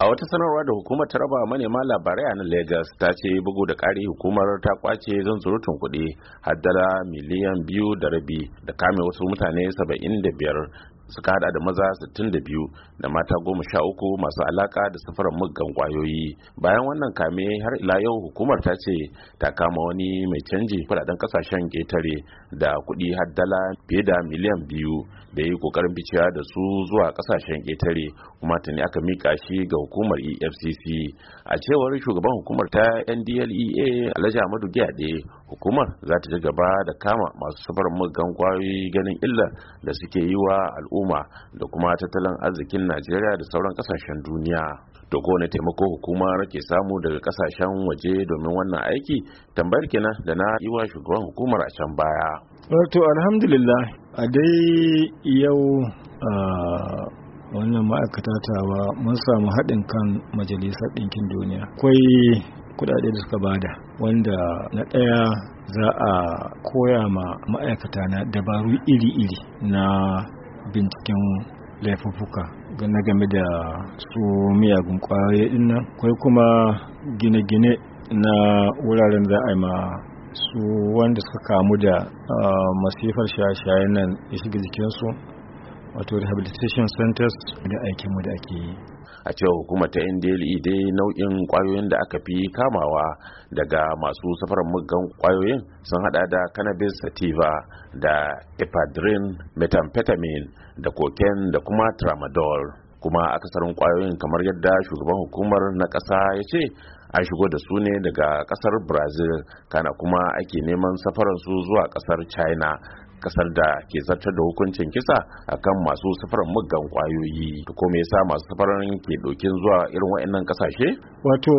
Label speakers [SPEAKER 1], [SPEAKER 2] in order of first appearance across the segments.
[SPEAKER 1] a wata sanarwa da hukumar ta raba manema labarai a nan Legas ta ce bugu da ƙari hukumar ta kwace zanzurutun kuɗi haddala miliyan biyu da rabi da kame wasu mutane saba'in da biyar suka hada da maza 62 da mata goma sha uku masu alaka da safarar muggan kwayoyi bayan wannan kame har ila yau hukumar ta ce ta kama wani mai canji kudaden kasashen ketare da kudi har fiye da miliyan biyu da yi kokarin biciya da su zuwa kasashen ketare kuma tuni aka mika shi ga hukumar efcc a cewar shugaban hukumar ta ndlea alhaji ahmadu gyade hukumar za ta ci gaba da kama masu safar muggan kwayoyi ganin illar da suke yi wa al'umma da kuma tattalin arzikin najeriya da sauran kasashen duniya ko kowane taimako hukumar ke samu daga kasashen waje domin wannan aiki tambayar kenan da na yi wa shugaban hukumar a can baya
[SPEAKER 2] wato alhamdulillah a dai yau ah, wannan ma'aikata tawa mun samu haɗin kan majalisar ɗinkin duniya akwai kuɗaɗe da suka bada wanda na ɗaya za a koya ma ma'aikata na dabaru iri-iri na binciken laifuffuka na game da su miyagun kwayoyi din nan kwai kuma gine-gine na wuraren za a yi ma su wanda suka kamu da ah, masifar shaye shaye nan ya shiga jikinsu wato rehabilitation centers da aikinmu da ake yi a
[SPEAKER 1] cewa hukumar ta ndle dai nau'in kwayoyin da aka fi kamawa daga masu safar muggan kwayoyin sun hada da cannabis sativa da ephedrine methamphetamine da cocaine da kuma tramadol kuma akasarin kwayoyin kamar yadda shugaban hukumar na ƙasa ya ce an shigo da su ne daga kasar brazil kana kuma ake neman safararsu zuwa kasar china kasar da ke zartar da hukuncin kisa akan masu safarar muggan kwayoyi da kuma yasa masu safarar ke dokin zuwa irin waɗannan kasashe
[SPEAKER 2] wato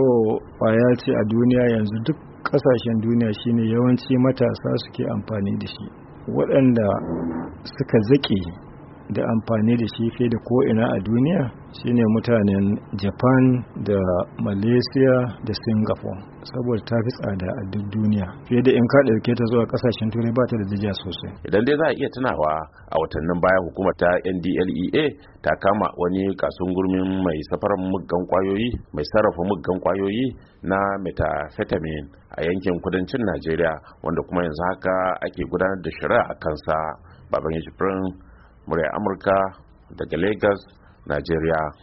[SPEAKER 2] kwaya ce a duniya yanzu duk kasashen duniya shine yawanci matasa suke amfani da shi waɗanda suka zaƙe da amfani da shi fiye da ko'ina a duniya shine mutanen japan da malaysia da singapore saboda ta fi tsada a duk duniya fiye da in ka ɗauke ta zuwa ƙasashen turai ba ta da jijiya sosai
[SPEAKER 1] idan dai za a iya tunawa a watannin baya hukumar ta ndlea ta kama wani kasun gurmin mai safarar muggan kwayoyi mai sarrafa muggan kwayoyi na metafetamin a yankin kudancin najeriya wanda kuma yanzu haka ake gudanar da shari'a a kansa baban yajibirin murya amurka daga lagos nigeria